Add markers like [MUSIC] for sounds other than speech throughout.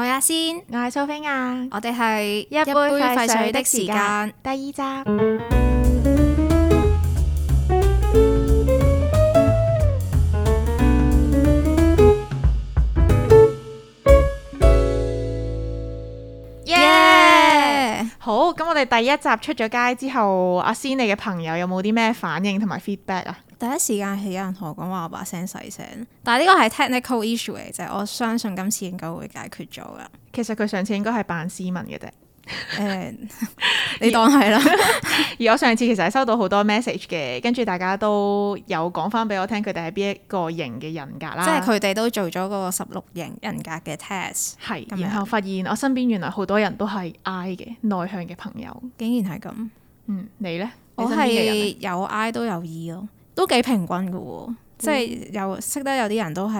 我係阿仙，我係蘇菲亞，我哋係一杯廢水的時間，第二集。第一集出咗街之後，阿仙你嘅朋友有冇啲咩反應同埋 feedback 啊？第一時間係有人同我講話我把聲細聲，但係呢個係 technical issue 嚟，就係我相信今次應該會解決咗噶。其實佢上次應該係扮斯文嘅啫。誒， [LAUGHS] 你當係啦。 [LAUGHS] 而我上次其實係收到好多 message 嘅，跟住大家都有講翻俾我聽，佢哋係邊一個型嘅人格啦。即係佢哋都做咗嗰個十六型人格嘅 test，係。是然後發現我身邊原來好多人都係 I 嘅內向嘅朋友，竟然係咁。嗯，你呢？你呢我係有 I 都有 E 咯，都幾平均噶。嗯，即係有識得有啲人都係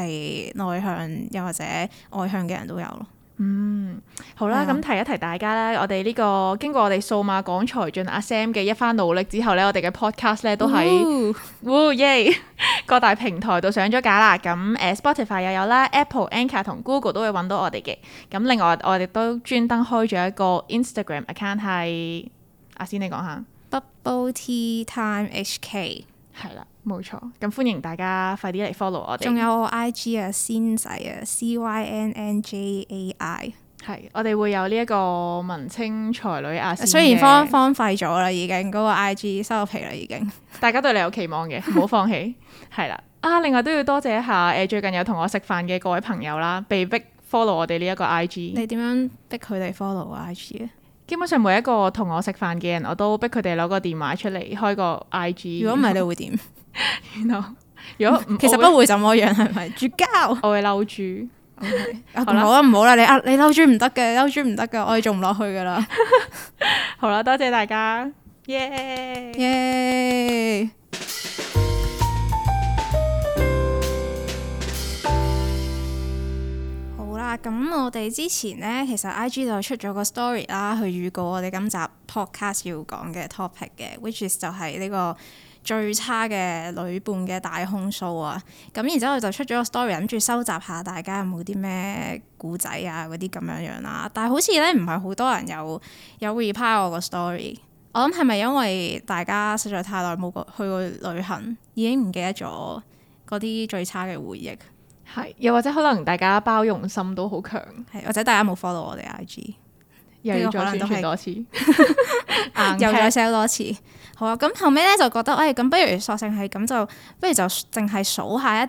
內向，又或者外向嘅人都有咯。嗯，好啦，咁、嗯啊、提一提大家啦。我哋呢、呢個經過我哋數碼港才俊阿 Sam 嘅一番努力之後呢，我哋嘅 podcast 呢都喺，oh yeah 各大平台度上咗架啦。咁、呃、Spotify 又有啦，Apple、Anchor 同 Google 都會揾到我哋嘅。咁另外我哋都專登開咗一個 Instagram account 係，阿仙你講下 Bubble Tea Time HK。係啦，冇錯，咁歡迎大家快啲嚟 follow 我哋。仲有我 I G 啊，先仔啊，C Y N N J A I，係，我哋會有呢一個文青才女啊。雖然荒荒廢咗啦，已經嗰個 I G 收咗皮啦，已經。大家對你有期望嘅，唔好放棄。係啦， [LAUGHS] 啊，另外都要多謝一下，誒、呃，最近有同我食飯嘅各位朋友啦，被逼 follow 我哋呢一個 I G。你點樣逼佢哋 follow 我 I G？基本上每一個同我食飯嘅人，我都逼佢哋攞個電話出嚟開個 IG。 [LAUGHS] you know? 如果唔係，你會點？如果其實不會怎嘅會樣係咪絕交？我會嬲住。好啦，唔好啦，你啊你嬲住唔得嘅，嬲住唔得嘅，我哋做唔落去噶啦。 [LAUGHS] 好啦，多謝大家，耶耶。咁、啊、我哋之前呢，其實 I G 就出咗個 story 啦，去預告我哋今集 podcast 要講嘅 topic 嘅，which is 就係呢個最差嘅旅伴嘅大控訴啊。咁然之後就出咗個 story，諗住收集下大家有冇啲咩故仔啊，嗰啲咁樣樣、啊、啦。但係好似呢，唔係好多人有有 reply 我個 story。我諗係咪因為大家實在太耐冇過去過旅行，已經唔記得咗嗰啲最差嘅回憶？係，又或者可能大家包容心都好強，係或者大家冇 follow 我哋 IG，又要再宣傳多次，又再 sell 多次，好啊！咁後尾咧就覺得，哎，咁不如索性係咁就，不如就淨係數下一啲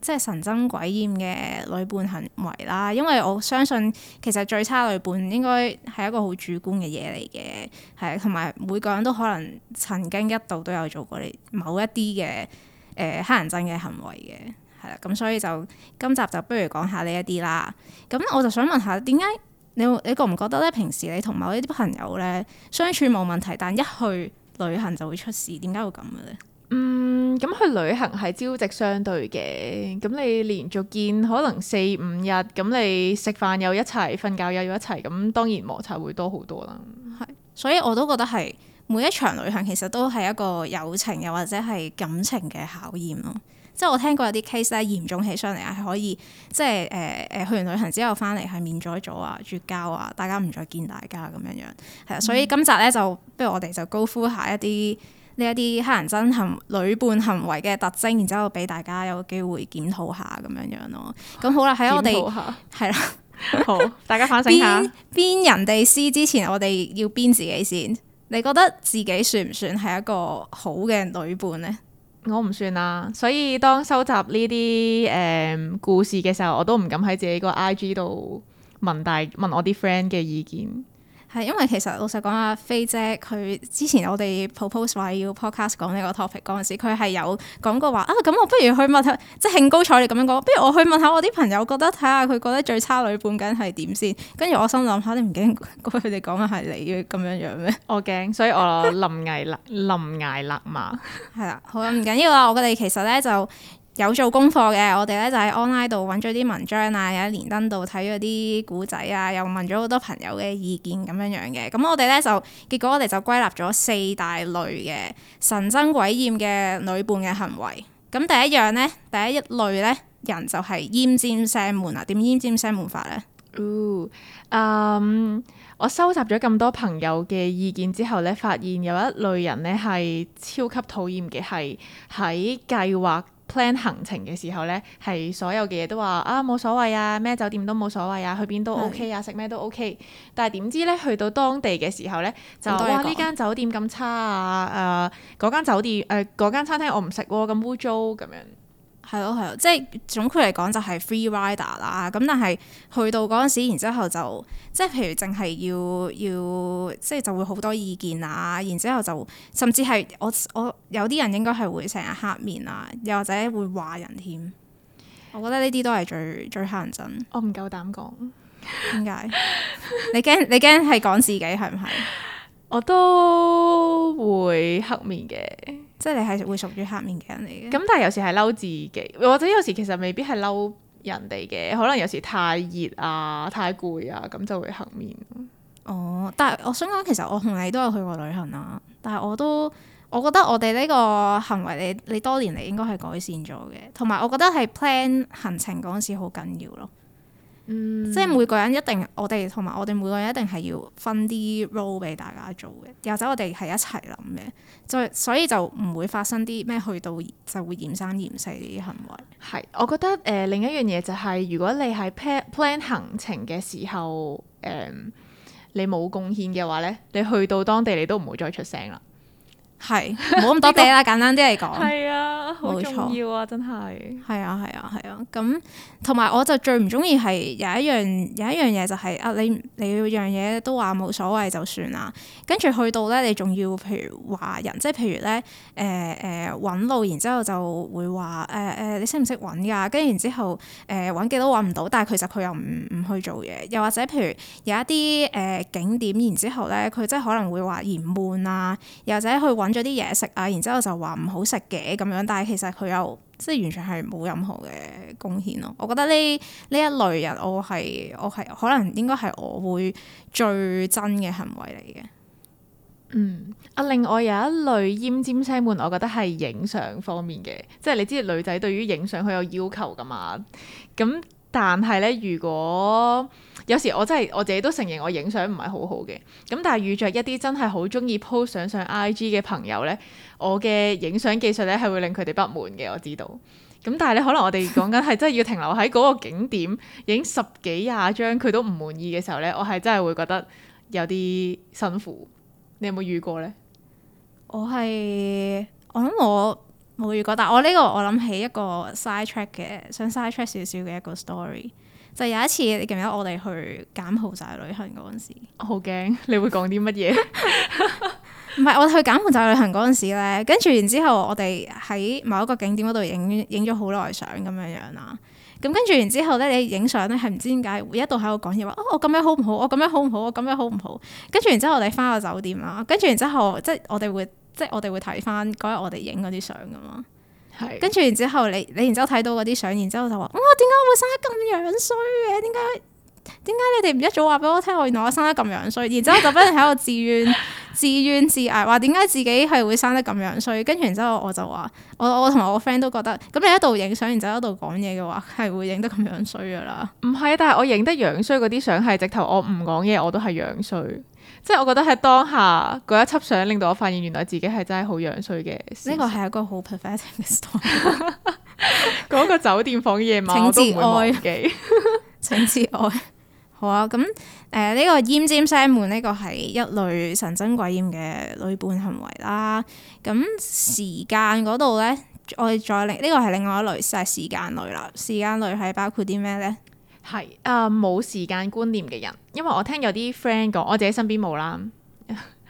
即係神憎鬼厭嘅旅伴行為啦。因為我相信其實最差旅伴應該係一個好主觀嘅嘢嚟嘅，係同埋每個人都可能曾經一度都有做過你某一啲嘅誒乞人憎嘅行為嘅。係啦，咁所以就今集就不如講下呢一啲啦。咁我就想問下，點解你你覺唔覺得咧？平時你同某一啲朋友咧，相處冇問題，但一去旅行就會出事，點解會咁嘅咧？嗯，咁去旅行係朝夕相對嘅，咁你連續見可能四五日，咁你食飯又一齊，瞓覺又一齊，咁當然摩擦會多好多啦。係，所以我都覺得係每一場旅行其實都係一個友情又或者係感情嘅考驗咯。即係我聽過有啲 case 咧，嚴重起上嚟係可以，即係誒誒，去完旅行之後翻嚟係免咗咗啊，絕交啊，大家唔再見大家咁樣樣，係啊。所以今集咧就，不如我哋就高呼下一啲呢一啲黑人憎行旅伴行為嘅特徵，然之後俾大家有機會檢討下咁樣樣咯。咁好啦，喺我哋係啦，好，大家反省下，鞭人哋屍之前，我哋要鞭自己先。你覺得自己算唔算係一個好嘅旅伴咧？我唔算啦，所以當收集呢啲誒故事嘅時候，我都唔敢喺自己個 IG 度問大問我啲 friend 嘅意見。係因為其實老實講啊，菲姐佢之前我哋 propose 話要 podcast 講呢個 topic 嗰陣時，佢係有講過話啊，咁我不如去問下，即係興高采烈咁樣講，不如我去問下我啲朋友，覺得睇下佢覺得最差女伴緊係點先。跟住我心諗下，啊，你唔驚佢哋講嘅係你咁樣樣咩？我驚，所以我臨危勒臨危勒馬。係啦， [LAUGHS] [LAUGHS] 好啊，唔緊要啊，我哋其實咧就。有做功課嘅，我哋咧就喺 online 度揾咗啲文章啊，有喺連登度睇咗啲古仔啊，又問咗好多朋友嘅意見咁樣樣嘅。咁我哋咧就結果我哋就歸納咗四大類嘅神憎鬼厭嘅旅伴嘅行為。咁第一樣咧，第一一類咧，人就係奄尖聲悶啊。點奄尖聲悶法咧？嗯，um, 我收集咗咁多朋友嘅意見之後咧，發現有一類人咧係超級討厭嘅，係喺計劃。plan 行程嘅時候咧，係所有嘅嘢都話，啊冇所謂啊，咩酒店都冇所謂啊，去邊都 OK 啊，食咩都 OK。但係點知咧，去到當地嘅時候咧，就話哇呢間酒店咁差啊！誒、呃，嗰間酒店誒嗰、呃、間餐廳我唔食喎，咁污糟咁樣。係咯係咯，即係總括嚟講就係 free rider 啦。咁但係去到嗰陣時，然之後就即係譬如淨係要要，即係就會好多意見啊。然之後就甚至係我我有啲人應該係會成日黑面啊，又或者會話人添。我覺得呢啲都係最最乞人憎。我唔夠膽講，點解？ [LAUGHS] 你驚你驚係講自己係唔係？是是我都會黑面嘅。即係你係會屬於黑面嘅人嚟嘅，咁但係有時係嬲自己，或者有時其實未必係嬲人哋嘅，可能有時太熱啊、太攰啊，咁就會黑面。哦，但係我想講，其實我同你都有去過旅行啊。但係我都，我覺得我哋呢個行為，你你多年嚟應該係改善咗嘅，同埋我覺得係 plan 行程嗰陣時好緊要咯。嗯、即係每個人一定，我哋同埋我哋每個人一定係要分啲 role 俾大家做嘅，又或者我哋係一齊諗嘅，就所以就唔會發生啲咩去到就會嫌生嫌死啲行為。係，我覺得誒、呃、另一樣嘢就係、是，如果你係 plan plan 行程嘅時候，誒、呃、你冇貢獻嘅話咧，你去到當地你都唔會再出聲啦。係冇咁多地啦， [LAUGHS] 簡單啲嚟講。係啊，好錯重要啊，真係。係啊，係啊，係啊。咁同埋我就最唔中意係有一樣有一樣嘢就係、是、啊，你你樣嘢都話冇所謂就算啦。跟住去到咧，你仲要譬如話人，即係譬如咧誒誒揾路，然之後就會話誒誒你識唔識揾噶？跟住然後之後誒揾幾多揾唔到，但係其實佢又唔唔去做嘢。又或者譬如有一啲誒、呃、景點，然之後咧佢即係可能會話嫌悶啊，又或者去揾揾咗啲嘢食啊，然之後就話唔好食嘅咁樣，但係其實佢又即係完全係冇任何嘅貢獻咯。我覺得呢呢一類人，我係我係可能應該係我會最憎嘅行為嚟嘅。嗯，啊，另外有一類奄尖聲悶，我覺得係影相方面嘅，即係你知道女仔對於影相佢有要求㗎嘛，咁。但係咧，如果有時我真係我自己都承認我影相唔係好好嘅，咁但係遇着一啲真係好中意 po 相上 IG 嘅朋友咧，我嘅影相技術咧係會令佢哋不滿嘅，我知道。咁但係咧，可能我哋講緊係真係要停留喺嗰個景點影 [LAUGHS] 十幾廿張，佢都唔滿意嘅時候咧，我係真係會覺得有啲辛苦。你有冇遇過咧？我係，我諗我。冇遇過，但我呢個我諗起一個 side track 嘅，想 side track 少少嘅一個 story，就有一次你記唔記得我哋去柬埔寨旅行嗰陣時，好驚你會講啲乜嘢？唔係我去柬埔寨旅行嗰陣時咧，跟住然之後我哋喺某一個景點嗰度影影咗好耐相咁樣樣啦，咁跟住然之後咧，你影相咧，係唔知點解會一度喺度講嘢話，哦我咁樣好唔好？我咁樣好唔好？我咁樣樣好唔好？跟住然之後我哋翻個酒店啦，跟住然之後即係我哋會。即係我哋會睇翻嗰日我哋影嗰啲相噶嘛，是跟住然之後你你然之後睇到嗰啲相，然之後就話，哇，啊，點解我會生得咁樣衰嘅？點解點解你哋唔一早話俾我聽，我原來我生得咁樣衰？然之後就不停喺度自怨 [LAUGHS] 自怨自艾，話點解自己係會生得咁樣衰？跟住然之後我就話，我我同埋我 friend 都覺得，咁你一度影相，然之後一度講嘢嘅話，係會影得咁樣衰噶啦。唔係，但係我影得樣衰嗰啲相係直頭，我唔講嘢我都係樣衰。即係我覺得喺當下嗰一輯相令到我發現，原來自己係真係好樣衰嘅。呢個係一個好 perfect 嘅 story。嗰個酒店房夜晚，我都會忘記請自愛。請節哀。好啊，咁誒呢個奄尖聲悶呢個係一類神憎鬼厭嘅旅伴行為啦。咁時間嗰度咧，我哋再另呢個係另外一類，就係時間類啦。時間類係包括啲咩咧？係啊，冇、呃、時間觀念嘅人，因為我聽有啲 friend 講，我自己身邊冇啦。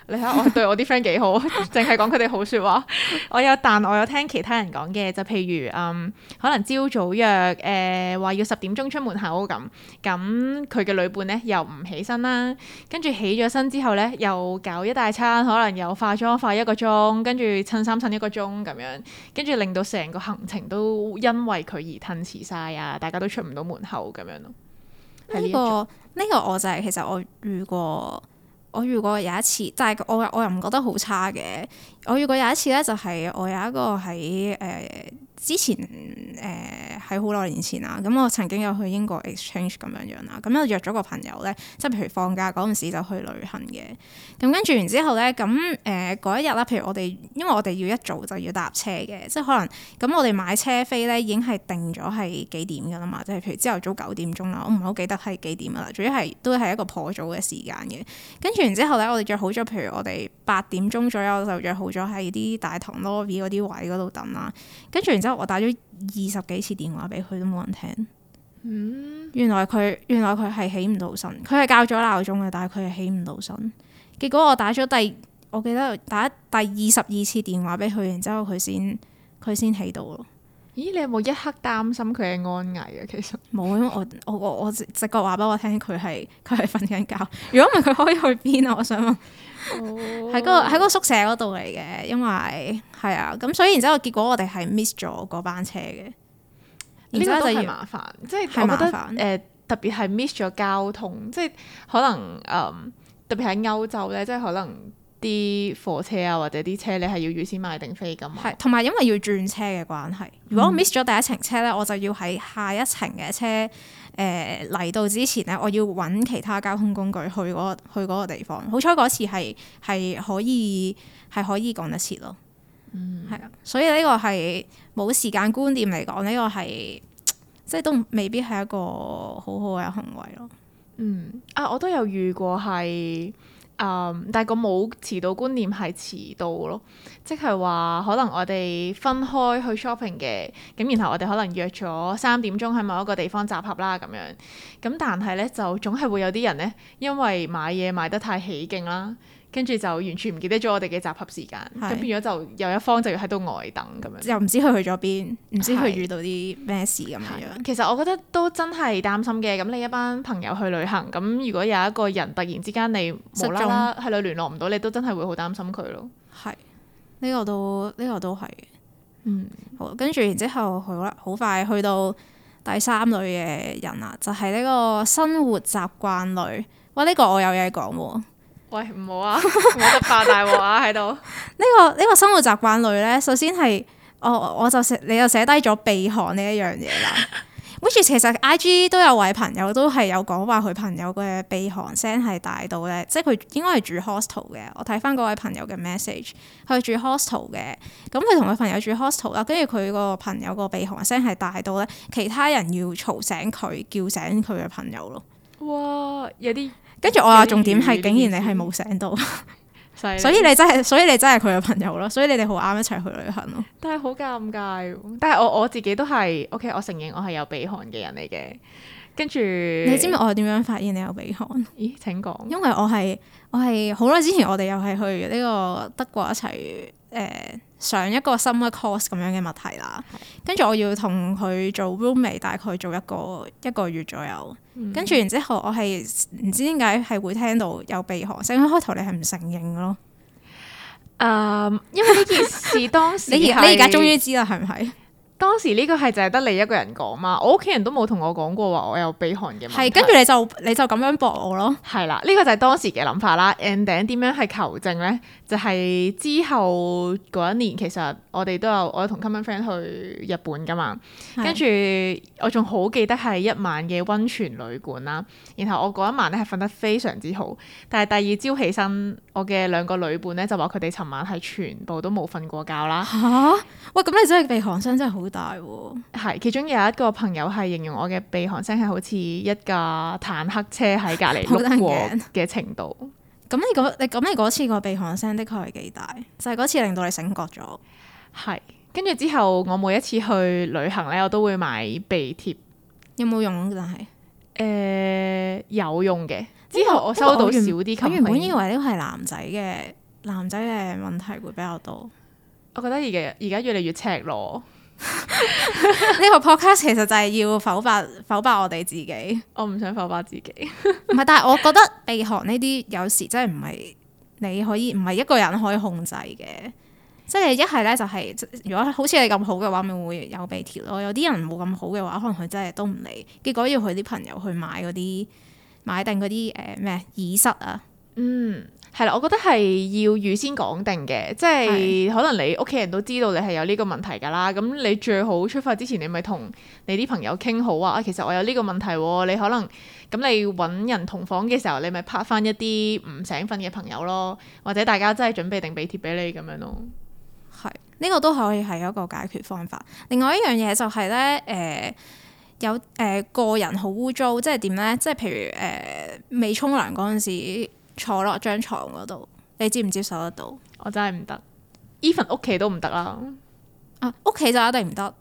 [LAUGHS] 你睇下我對我啲 friend 幾好，淨係講佢哋好説話。 [LAUGHS] [LAUGHS] 我有，但我有聽其他人講嘅，就譬如嗯，可能朝早約誒話、呃、要十點鐘出門口咁，咁佢嘅女伴咧又唔起身啦，跟住起咗身之後咧又搞一大餐，可能又化妝化一個鐘，跟住襯衫襯一個鐘咁樣，跟住令到成個行程都因為佢而褪遲晒啊！大家都出唔到門口咁樣咯。呢、這個呢、這個我就係、是、其實我遇過。我遇過有一次，但係我我又唔覺得好差嘅。我遇過有一次咧，就係我有一個喺誒。呃之前誒喺好多年前啦，咁我曾經有去英國 exchange 咁樣樣啦，咁我約咗個朋友咧，即係譬如放假嗰陣時就去旅行嘅。咁跟住然之後咧，咁誒嗰一日啦，譬如我哋因為我哋要一早就要搭車嘅，即係可能咁我哋買車飛咧已經係定咗係幾點噶啦嘛，即係譬如朝頭早九點鐘啦，我唔係好記得係幾點噶啦，主要係都係一個破早嘅時間嘅。跟住然之後咧，我哋約好咗，譬如我哋八點鐘左右就約好咗喺啲大堂 lobby 嗰啲位嗰度等啦。跟住然之後。我打咗二十幾次電話俾佢，都冇人聽。嗯、原來佢原來佢係起唔到身，佢係校咗鬧鐘嘅，但係佢係起唔到身。結果我打咗第，我記得打第二十二次電話俾佢，然之後佢先佢先起到咯。咦，你有冇一刻擔心佢嘅安危啊？其實冇，因為我我我直覺話俾我聽，佢係佢係瞓緊覺。如果唔係，佢可以去邊啊？我想問。喺嗰、oh. [LAUGHS] 個喺嗰個宿舍嗰度嚟嘅，因為係啊，咁所以然之後結果我哋係 miss 咗嗰班車嘅。呢個都係麻煩，即係、就是、我覺得誒、嗯呃，特別係 miss 咗交通，即、就、係、是、可能誒，特別喺歐洲咧，即係可能。啲火車啊，或者啲車，你係要預先買定飛㗎嘛？係，同埋因為要轉車嘅關係，如果我 miss 咗第一程車呢，嗯、我就要喺下一程嘅車誒嚟、呃、到之前呢，我要揾其他交通工具去嗰、嗰個、去嗰個地方。好彩嗰次係係可以係可以趕得切咯，嗯，係啊，所以呢個係冇時間觀念嚟講，呢、呢個係即係都未必係一個好好嘅行為咯。嗯，啊，我都有遇過係。Um, 但係個冇遲到觀念係遲到咯，即係話可能我哋分開去 shopping 嘅，咁然後我哋可能約咗三點鐘喺某一個地方集合啦咁樣，咁但係咧就總係會有啲人咧，因為買嘢買得太起勁啦。跟住就完全唔記得咗我哋嘅集合時間，咁是變咗就有一方就要喺度呆等咁樣，又唔知佢去咗邊，唔知佢遇到啲咩事咁樣。其實我覺得都真係擔心嘅。咁你一班朋友去旅行，咁如果有一個人突然之間你無啦啦係度聯絡唔到忠，你都真係會好擔心佢咯。係，呢個都呢個都係。嗯，好。跟住然之後，好啦，好快去到第三類嘅人啦，就係呢個生活習慣類。哇，呢個我有嘢講喎。喂，唔好啊，冇得爆大鑊啊。喺度、 [LAUGHS] 這個。呢個呢個生活習慣類呢，首先係我、哦、我就寫你又寫低咗鼻鼾呢一樣嘢啦。Which is [LAUGHS] 其實 I G 都有位朋友都係有講話佢朋友嘅鼻鼾聲係大到呢，即係佢應該係住 hostel 嘅。我睇翻嗰位朋友嘅 message，佢住 hostel 嘅，咁佢同佢朋友住 hostel 啦，跟住佢個朋友個鼻鼾聲係大到呢，其他人要嘈醒佢叫醒佢嘅朋友咯。哇，有啲～跟住我話重點係，竟然你係冇醒到 [LAUGHS] 所，所以你真係，所以你真係佢嘅朋友咯。所以你哋好啱一齊去旅行咯。但係好尷尬。但係我我自己都係，OK，我承認我係有鼻鼾嘅人嚟嘅。跟住你知唔知我係點樣發現你有鼻鼾？咦？請講。因為我係我係好耐之前，我哋又係去呢個德國一齊誒。呃上一個深嘅 course 咁樣嘅物題啦，跟住是的 我要同佢做 roommate，大概做一個一個月左右。跟住、嗯、然之後，我係唔知點解係會聽到有鼻鼾聲，開頭你係唔承認咯。誒、嗯，因為呢件事當時 [LAUGHS] 你而家終於知啦，係唔係？當時呢個係就係得你一個人講嘛，我屋企人都冇同我講過話我有鼻鼾嘅問題。係，跟住你就你就咁樣駁我咯。係啦，呢個就係當時嘅諗法啦。Ending 點樣係求證呢？就係之後嗰一年，其實我哋都有我有同 common friend 去日本噶嘛，跟住是我仲好記得係一晚嘅溫泉旅館啦。然後我嗰一晚咧係瞓得非常之好，但係第二朝起身，我嘅兩個旅伴咧就話佢哋尋晚係全部都冇瞓過覺啦。吓？喂，咁你真係鼻鼾聲真係好大喎，啊。係，其中有一個朋友係形容我嘅鼻鼾聲係好似一架坦克車喺隔離轆過嘅程度。咁你嗰咁你嗰次個鼻鼾聲的確係幾大，就係、是、嗰次令到你醒覺咗。係跟住之後，我每一次去旅行咧，我都會買鼻貼。有冇用？但係誒，有用嘅。之後我收到少啲。我原本以為呢個係男仔嘅，男仔嘅問題會比較多。我覺得而嘅而家越嚟越赤裸。呢 [LAUGHS] [LAUGHS] 個 podcast 其實就係要否駁否駁我哋自己，我唔想否駁自己。唔 [LAUGHS] 係，但係我覺得鼻鼾呢啲有時真係唔係你可以唔係一個人可以控制嘅，即係一係咧就係、是就是，如果好似你咁好嘅話，咪會有鼻貼咯。有啲人冇咁好嘅話，可能佢真係都唔理，結果要佢啲朋友去買嗰啲買定嗰啲誒咩耳塞啊，嗯。係啦，我覺得係要預先講定嘅，即係是可能你屋企人都知道你係有呢個問題㗎啦。咁你最好出發之前，你咪同你啲朋友傾好啊。其實我有呢個問題喎，你可能咁你揾人同房嘅時候，你咪拍翻一啲唔醒瞓嘅朋友咯，或者大家真係準備定俾貼俾你咁樣咯。係，呢個都可以係一個解決方法。另外一樣嘢就係呢，誒有誒個人好污糟，即係點呢？即係譬如誒未沖涼嗰陣時，坐落張床嗰度，你接唔接受得到？我真係唔得，even 屋企都唔得啦。啊、屋企就一定唔得。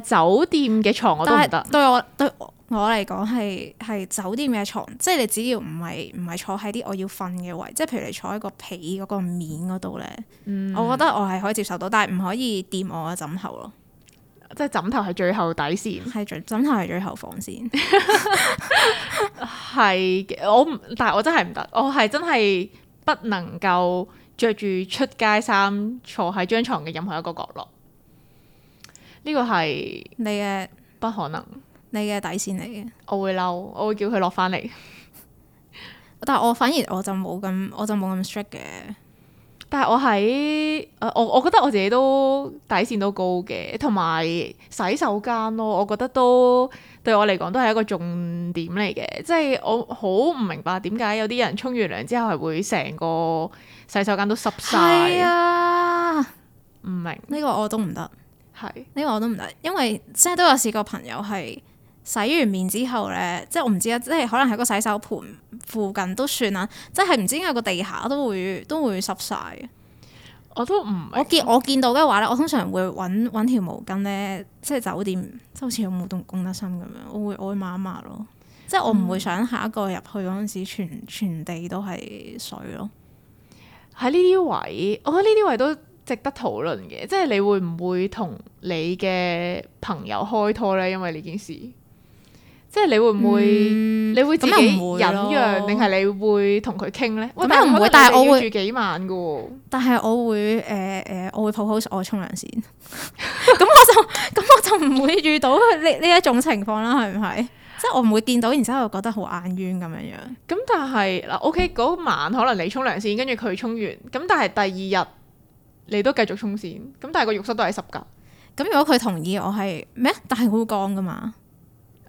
酒店嘅床我都唔得。對我對我嚟講係係酒店嘅床，即係你只要唔係唔係坐喺啲我要瞓嘅位，即係譬如你坐喺個被嗰個面嗰度呢，嗯、我覺得我係可以接受到，但係唔可以掂我嘅枕頭咯。即係枕頭係最後底線，枕頭係最後防線，係嘅。我但係我真係唔得，我係真係不能夠着住出街衫坐喺張床嘅任何一個角落。呢個係你嘅不可能，你嘅底線嚟嘅。我會嬲，我會叫佢落翻嚟。 [LAUGHS] 但係我反而我就冇咁，我就冇咁 strict 嘅。但係我喺，我我覺得我自己都底線都高嘅，同埋洗手間咯，我覺得都對我嚟講都係一個重點嚟嘅，即係我好唔明白點解有啲人沖完涼之後係會成個洗手間都濕曬，係啊，唔明呢個我都唔得，係呢個我都唔得，因為即係都有試過朋友係。洗完面之後咧，即係我唔知啦，即係可能喺個洗手盆附近都算啦，即係唔知點解個地下都會都會濕晒嘅。我都唔我見我見到嘅話咧，我通常會揾揾條毛巾咧，即係酒店即好似有冇動公德心咁樣，我會我抹一抹咯。即係我唔會想下一個入去嗰陣時、嗯、全全地都係水咯。喺呢啲位，我覺得呢啲位都值得討論嘅。即係你會唔會同你嘅朋友開拖咧？因為呢件事。即係你會唔會、嗯、你會自己忍讓，定係、嗯、你會同佢傾咧？我真係唔會，但係我會住幾晚嘅。但係我會誒誒、呃，我會抱好，我沖涼先。咁我就咁我就唔會遇到呢呢一種情況啦，係唔係？即係我唔會見到，然之後覺得好眼冤咁樣樣。咁但係嗱，OK，嗰晚可能你沖涼先，跟住佢沖完。咁但係第二日你都繼續沖先。咁但係個浴室都係濕㗎。咁如果佢同意，我係咩？但係我會乾噶嘛。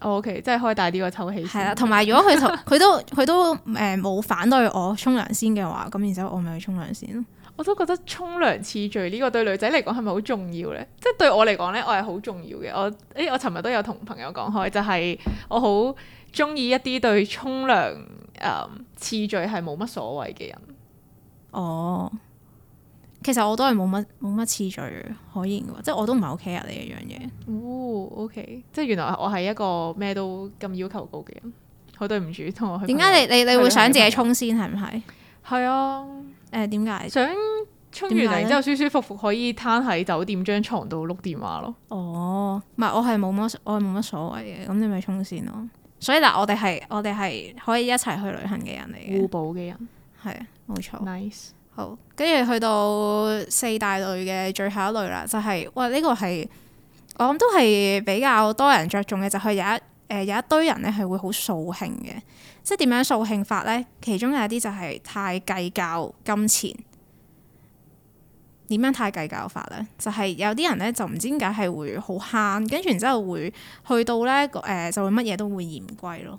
我 OK，即係開大啲個抽氣。係啦，同埋如果佢同佢都佢都誒冇、呃、反對我沖涼先嘅話，咁然之後我咪去沖涼先咯。我都覺得沖涼次序呢個對女仔嚟講係咪好重要咧？即係對我嚟講咧，我係好重要嘅。我誒我尋日都有同朋友講開，就係、是、我好中意一啲對沖涼誒次序係冇乜所謂嘅人。哦。Oh. 其實我都係冇乜冇乜次序可言嘅，即係我都唔係好 care 呢樣嘢。哦，OK，即係原來我係一個咩都咁要求高嘅人。好對唔住，同我點解你你你會想自己沖先係唔係？係啊，誒點解？想沖完涼之後舒舒服服可以攤喺酒店張床度碌電話咯。哦，唔係我係冇乜我係冇乜所謂嘅，咁你咪沖先咯。所以嗱，我哋係我哋係可以一齊去旅行嘅人嚟嘅，互補嘅人係啊，冇錯，nice。好，跟住去到四大類嘅最後一類啦，就係哇！呢個係我諗都係比較多人着重嘅，就係有一誒有一堆人咧係會好掃興嘅，即係點樣掃興法咧？其中有一啲就係太計較金錢，點樣太計較法咧？就係有啲人咧就唔知點解係會好慳，跟住然之後會去到咧個誒就會乜嘢都會嫌貴咯。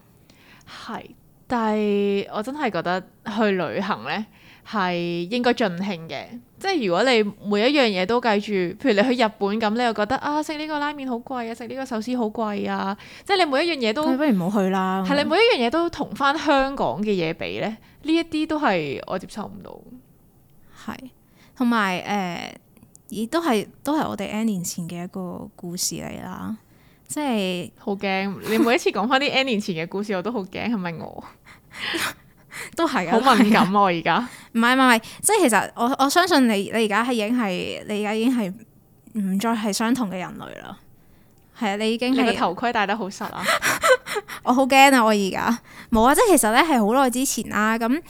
係，但係我真係覺得去旅行咧。係應該盡興嘅，即係如果你每一樣嘢都計住，譬如你去日本咁，你又覺得啊，食呢個拉麵好貴啊，食呢個壽司好貴啊，即係你每一樣嘢都不如唔好去啦。係你每一樣嘢都同翻香港嘅嘢比呢，呢一啲都係我接受唔到。係，同埋誒，亦都係都係我哋 N 年前嘅一個故事嚟啦。即係好驚， [LAUGHS] 你每一次講翻啲 N 年前嘅故事，我都好驚，係咪我？ [LAUGHS] 都係啊！好敏感啊，我而家唔係唔係，即係其實我我相信你，你而家係已經係，你而家已經係唔再係相同嘅人類啦。係啊，你已經你個頭盔戴得、啊、 [LAUGHS] 好實啊！我好驚啊，我而家冇啊，即係其實咧係好耐之前啦，咁。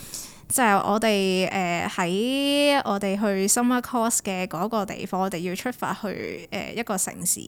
就係我哋誒喺我哋去 summer course 嘅嗰個地方，我哋要出發去誒、呃、一個城市。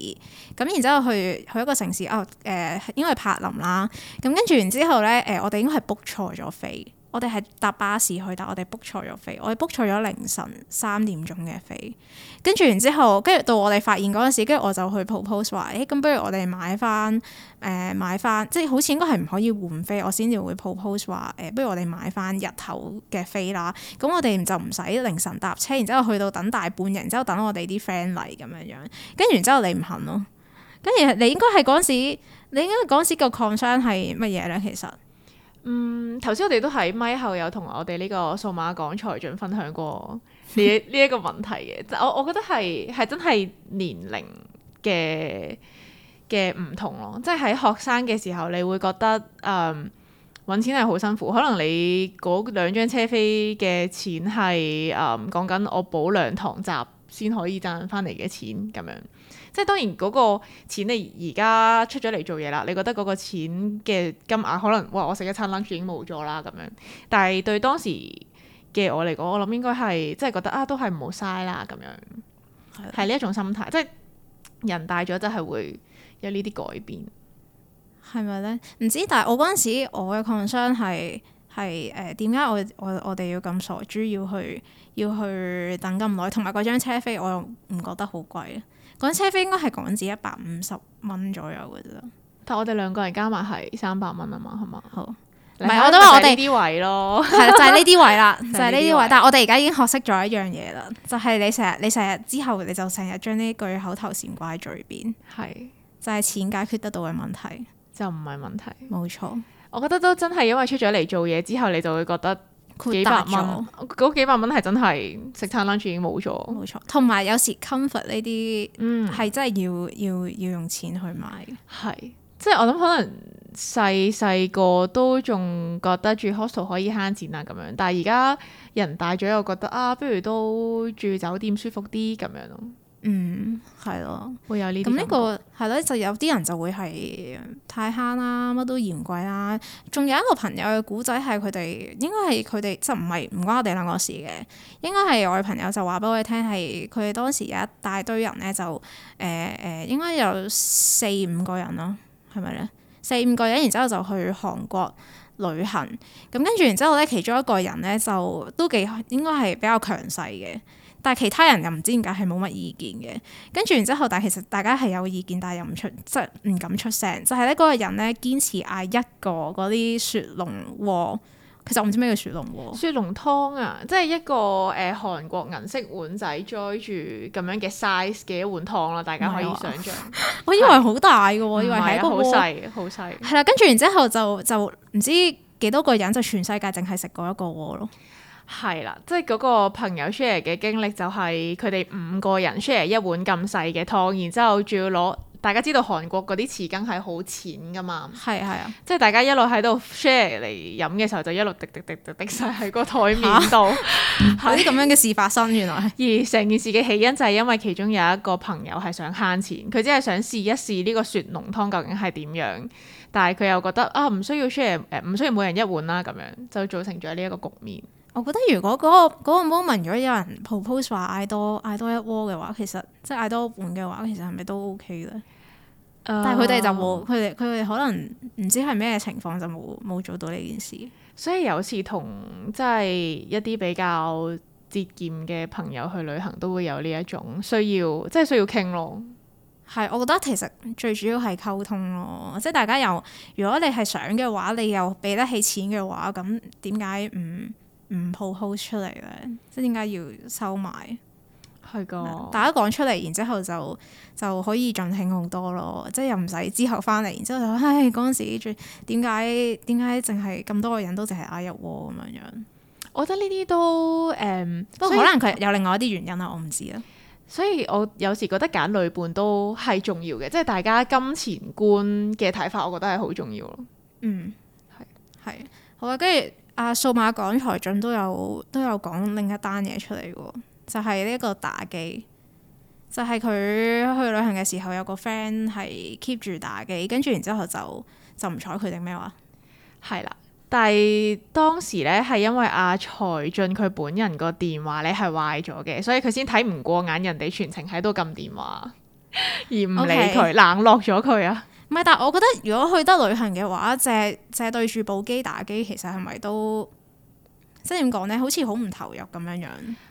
咁然之後去去一個城市，哦誒，因為柏林啦。咁跟住然之後咧，誒、呃，我哋應該係 book 錯咗飛。我哋係搭巴士去，但我哋 book 錯咗飛，我哋 book 錯咗凌晨三點鐘嘅飛。跟住然之後，跟住到我哋發現嗰陣時，跟住我就去 propose 話，誒、欸，咁不如我哋買翻誒、呃、買翻，即係好似應該係唔可以換飛，我先至會 propose 話誒、欸，不如我哋買翻日頭嘅飛啦。咁我哋就唔使凌晨搭車，然之後去到等大半日，然之後等我哋啲 friend 嚟咁樣樣。跟住然之後你唔肯咯，跟住你應該係嗰陣時，你應該嗰陣時個 concern 係乜嘢咧？其實？嗯，頭先我哋都喺咪後有同我哋呢個數碼港財長分享過呢，呢一個問題嘅，我我覺得係係真係年齡嘅嘅唔同咯，即係喺學生嘅時候，你會覺得誒揾、嗯、錢係好辛苦，可能你嗰兩張車飛嘅錢係誒講緊我補兩堂習先可以賺翻嚟嘅錢咁樣。即係當然嗰個錢，你而家出咗嚟做嘢啦。你覺得嗰個錢嘅金額可能哇，我食一餐 lunch 已經冇咗啦咁樣。但係對當時嘅我嚟講，我諗應該係即係覺得啊，都係冇嘥啦咁樣係呢一種心態。即係人大咗，真係會有呢啲改變係咪咧？唔知，但係我嗰陣時我、呃我，我嘅 concern 係係誒點解我我我哋要咁傻豬要去要去等咁耐，同埋嗰張車飛我又唔覺得好貴。講車票應該係港紙一百五十蚊左右噶啫，但我哋兩個人加埋係三百蚊啊嘛，係嘛？好，唔係是我都話我哋們啲位咯，係就係呢啲位啦，就係呢啲位。 [LAUGHS] 位但我哋而家已經學識咗一樣嘢啦， [LAUGHS] 就係你成日你成日之後你就成日將呢句口頭禪掛喺嘴邊，係是就係錢解決得到嘅問題就唔係問題，冇錯。錯我覺得都真係因為出咗嚟做嘢之後，你就會覺得。幾百蚊，嗰了幾百蚊係真係食餐 lunch 已經冇咗，冇錯。同埋有，有時 comfort 呢啲，嗯，係真係要要要用錢去買。係，即係我諗可能細細個都仲覺得住 hostel 可以慳錢啊咁樣，但係而家人大咗又覺得啊，不如都住酒店舒服啲咁樣咯。嗯，係咯，會有呢。咁呢、呢個係咯，就有啲人就會係太慳啦，乜都嫌貴啦、啊。仲有一個朋友嘅故仔係佢哋，應該係佢哋，即唔係唔關我哋兩個事嘅。應該係我嘅朋友就話俾我哋聽係，佢哋當時有一大堆人咧，就誒誒、呃，應該有四五個人咯，係咪咧？四五個人，然之後就去韓國旅行。咁跟住然之後咧，其中一個人咧就都幾應該係比較強勢嘅。但係其他人又唔知點解係冇乜意見嘅，跟住然之後，但係其實大家係有意見，但係又唔出即係唔敢出聲，就係咧嗰個人咧堅持嗌一個嗰啲雪龍鍋，其實我唔知咩叫雪龍鍋，雪龍湯啊，即係一個誒、呃、韓國銀色碗仔載住咁樣嘅 size 嘅一碗湯啦、啊，大家可以想像。啊、 [LAUGHS] 我以為好大嘅喎、啊，是是啊、以為係一個鍋，好細，好細。係啦，跟住然之後就就唔知幾多個人，就全世界淨係食過一個鍋咯。係啦，即係嗰個朋友 share 嘅經歷就係佢哋五個人 share 一碗咁細嘅湯，然之後仲要攞大家知道韓國嗰啲匙羹係好淺噶嘛，係係啊，即係大家一路喺度 share 嚟飲嘅時候，就一路滴滴滴滴滴晒喺個台面度，有啲咁樣嘅事發生。原來而成件事嘅起因就係因為其中有一個朋友係想慳錢，佢只係想試一試呢個雪濃湯究竟係點樣，但係佢又覺得啊唔需要 share 誒唔需要每人一碗啦，咁樣就造成咗呢一個局面。我覺得如果嗰個嗰個 moment 如果有人 propose 話嗌多嗌多一鍋嘅話，其實即係嗌多碗嘅話，其實係咪都 OK 咧？呃、但係佢哋就冇，佢哋佢哋可能唔知係咩情況就冇冇做到呢件事。所以有時同即係一啲比較節儉嘅朋友去旅行，都會有呢一種需要，即、就、係、是、需要傾咯。係，我覺得其實最主要係溝通咯，即係大家又如果你係想嘅話，你又俾得起錢嘅話，咁點解唔？唔抱 hold 出嚟咧，即係點解要收埋？係㗎的、嗯、大家講出嚟，然之後就就可以盡興好多咯。即係又唔使之後翻嚟，然之後就唉，嗰陣時最點解點解淨係咁多個人都淨係嗌入窩咁樣樣？我覺得呢啲都誒、嗯，不過可能佢有另外一啲原因啊，我唔知啊。所以我有時覺得揀女伴都係重要嘅，即係大家金錢觀嘅睇法，我覺得係好重要咯。嗯，係係好啦，跟住。啊！數碼港財進都有都有講另一單嘢出嚟喎，就係呢一個打機，就係、是、佢去旅行嘅時候有個 friend 係 keep 住打機，跟住然之後就就唔睬佢定咩話？係啦，但係當時咧係因為阿、啊、財進佢本人個電話咧係壞咗嘅，所以佢先睇唔過眼人哋全程喺度撳電話，而唔理佢 Okay. 冷落咗佢啊！唔係，但係我覺得如果去得旅行嘅話，借借對住部機打機，其實係咪都即係點講呢？好似好唔投入咁樣樣。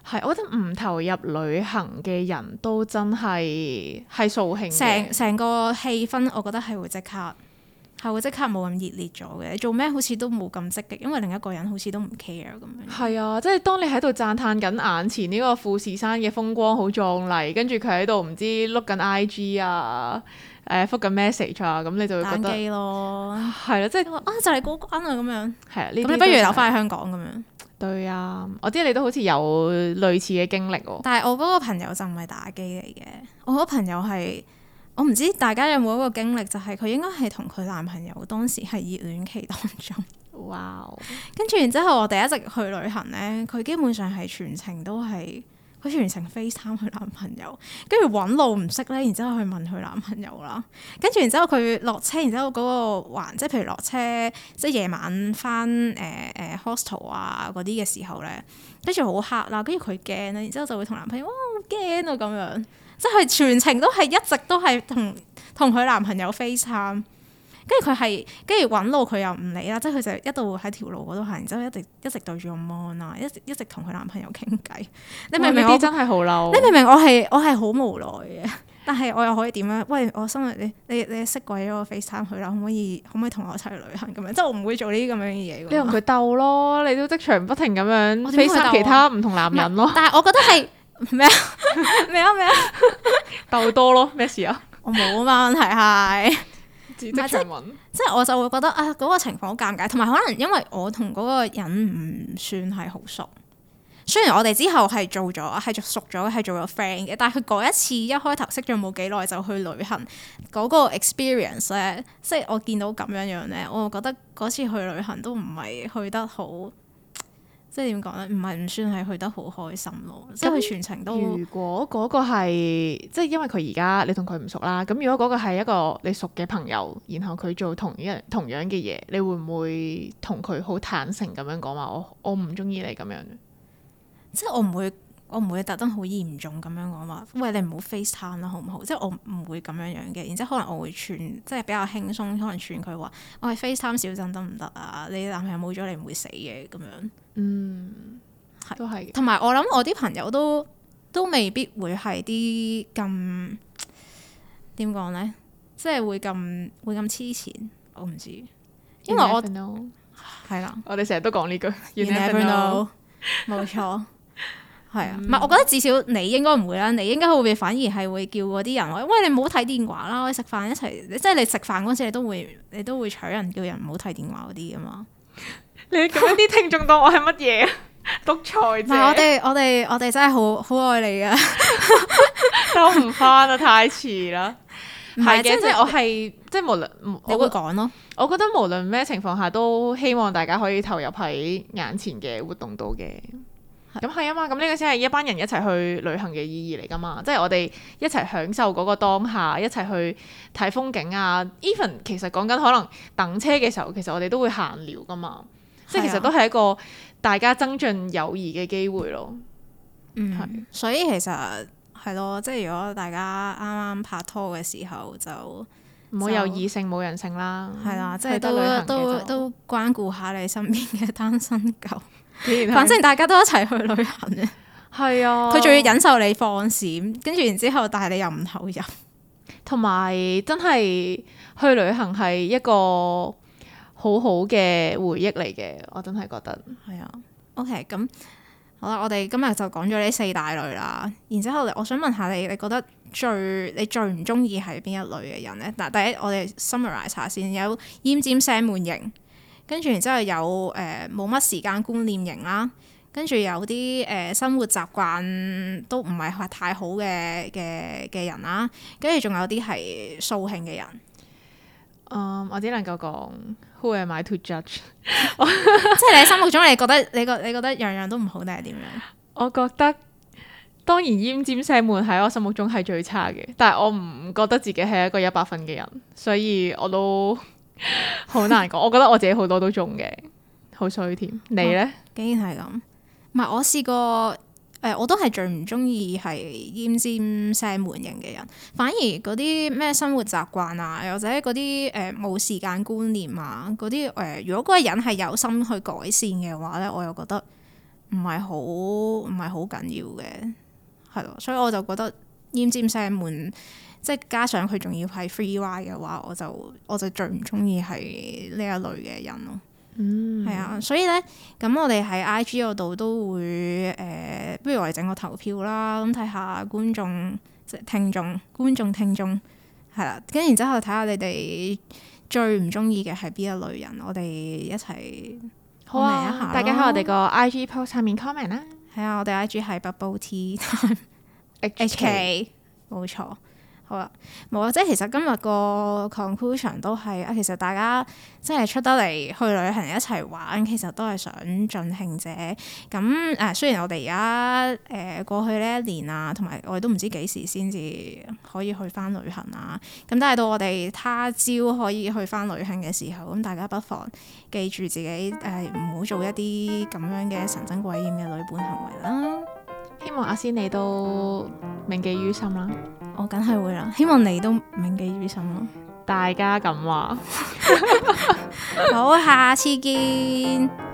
係，我覺得唔投入旅行嘅人都真係係掃興。成成個氣氛，我覺得係會即刻係會即刻冇咁熱烈咗嘅。做咩好似都冇咁積極，因為另一個人好似都唔 care 咁樣。係啊，即係當你喺度讚歎緊眼前呢個富士山嘅風光好壯麗，跟住佢喺度唔知碌緊 IG 啊。誒復緊 message 啊，咁你就會覺得打機咯，係咯、啊，即係啊就係過關啊咁樣。係啊，咁你不如留翻喺香港咁是樣。對啊，我知你都好似有類似嘅經歷喎。但係我嗰個朋友就唔係打機嚟嘅，我嗰朋友係，我唔知大家有冇一個經歷，就係、是、佢應該係同佢男朋友當時係熱戀期當中。哇！Wow. 跟住然之後我哋一直去旅行呢，佢基本上係全程都係。佢全程 FaceTime 佢男朋友，跟住揾路唔識咧，然之後去問佢男朋友啦。跟住然之後佢落車，然之後嗰個環，即係譬如落車，即係夜晚翻誒誒 hostel 啊嗰啲嘅時候咧，跟住好黑啦，跟住佢驚咧，然之後就會同男朋友，哇，好驚、那個呃呃、啊！咁、哦啊、樣，即係全程都係一直都係同同佢男朋友 FaceTime。跟住佢係，跟住揾路佢又唔理啦，即係佢就一度喺條路嗰度行，然之後一直一直對住我 mon 啊，一一直同佢男朋友傾偈。你明唔明？我真係好嬲。你明唔明？我係我係好無奈嘅，但係我又可以點樣？喂，我今日你你你識鬼咗我 face time 佢啦，可唔可以可唔可以同我一齊去旅行咁樣？即係我唔會做呢啲咁樣嘅嘢。你同佢鬥咯，你都即場不停咁樣 face time 其他唔同男人咯。但係我覺得係咩啊？咩啊咩啊？鬥多咯，咩事啊？我冇啊嘛，問題係。即係我就會覺得啊嗰個情況好尷尬，同埋可能因為我同嗰個人唔算係好熟，雖然我哋之後係做咗係熟咗係做咗 friend 嘅，但係佢嗰一次一開頭識咗冇幾耐就去旅行嗰個 experience 咧，即係我見到咁樣樣咧，我覺得嗰次去旅行都唔係去得好。即係點講咧？唔係唔算係去得好開心咯，即係但全程都。如果嗰個係即係因為佢而家你同佢唔熟啦，咁如果嗰個係一個你熟嘅朋友，然後佢做同一同樣嘅嘢，你會唔會同佢好坦誠咁樣講話？我我唔中意你咁樣，即係我唔會。我唔會特登好嚴重咁樣講話，喂，你唔好 FaceTime 啦，好唔好？即係我唔會咁樣樣嘅。然之後可能我會串，即係比較輕鬆，可能串佢話：我係 FaceTime 小鎮得唔得啊？你男朋友冇咗，你唔會死嘅咁樣。嗯，係是都係。同埋我諗我啲朋友都都未必會係啲咁點講咧，即係會咁會咁黐纏。我唔知，因為我係啦。我哋成日都講呢句，You never know，冇錯。 [LAUGHS] 係啊，唔係、嗯，我覺得至少你應該唔會啦，你應該會反而係會叫嗰啲人，喂，你唔好睇電話啦，我哋食飯一齊，即係你食飯嗰陣時，你都會你都會請人叫人唔好睇電話嗰啲噶嘛。你咁啲聽眾當我係乜嘢啊？獨裁者 [LAUGHS] [LAUGHS] 我哋我哋我哋真係好好愛你噶， [LAUGHS] [LAUGHS] 都唔翻啊，太遲啦。係嘅，即係我係即係無論我會講咯，我覺得無論咩情況下，都希望大家可以投入喺眼前嘅活動度嘅。咁係啊嘛，咁呢個先係一班人一齊去旅行嘅意義嚟噶嘛，即係我哋一齊享受嗰個當下，一齊去睇風景啊。Even 其實講緊可能等車嘅時候，其實我哋都會閒聊噶嘛，啊、即係其實都係一個大家增進友誼嘅機會咯。嗯，係，所以其實係咯，即係如果大家啱啱拍拖嘅時候就唔好有異性冇人性啦，係啦、啊，即係都都都關顧下你身邊嘅單身狗。 [LAUGHS] 反正大家都一齊去旅行咧，係啊，佢仲要忍受你放閃，跟住然之後，但係你又唔投入，同埋真係去旅行係一個好好嘅回憶嚟嘅，我真係覺得係啊。OK，咁好啦，我哋今日就講咗呢四大類啦。然之後我想問下你，你覺得最你最唔中意係邊一類嘅人呢？嗱，第一我哋 summarize 下先，有奄尖聲悶型。跟住然之後有誒冇乜時間觀念型啦、啊，跟住有啲誒、呃、生活習慣都唔係話太好嘅嘅嘅人啦、啊，跟住仲有啲係掃興嘅人、嗯。我只能夠講 Who am I to judge？ [LAUGHS] [LAUGHS] 即係你心目中你，你覺得你覺得你覺得樣樣都唔好，定係點樣？我覺得當然，奄尖聲悶喺我心目中係最差嘅，但係我唔覺得自己係一個一百分嘅人，所以我都。好 [LAUGHS] 難講，我覺得我自己好多都中嘅，好衰添。你呢？哦、竟然係咁，唔係我試過，誒、呃，我都係最唔中意係奄尖腥悶型嘅人，反而嗰啲咩生活習慣啊，或者嗰啲誒冇時間觀念啊，嗰啲誒，如果嗰個人係有心去改善嘅話呢，我又覺得唔係好唔係好緊要嘅，係咯，所以我就覺得奄尖腥悶。即係加上佢仲要係 free ride 嘅話，我就我就最唔中意係呢一類嘅人咯。嗯，係啊，所以咧，咁我哋喺 IG 嗰度都會誒、呃，不如我哋整個投票啦，咁睇下觀眾即係聽眾、觀眾聽眾係啦，跟然之後睇下你哋最唔中意嘅係邊一類人，我哋一齊 comment 一下、啊、大家喺我哋個 IG post 下面 comment 啦、啊。係啊，我哋 IG 係 Bubble Tea Time HK，冇錯。好啦，冇啊！即係其實今日個 conclusion 都係啊，其實大家即係出得嚟去旅行一齊玩，其實都係想盡興啫。咁誒、呃，雖然我哋而家誒過去呢一年啊，同埋我哋都唔知幾時先至可以去返旅行啊。咁但係到我哋他朝可以去返旅行嘅時候，咁大家不妨記住自己誒唔好做一啲咁樣嘅神憎鬼厭嘅旅伴行為啦。希望阿仙你都銘記於心啦，我梗係會啦。希望你都銘記於心咯，大家咁話，好，下次見。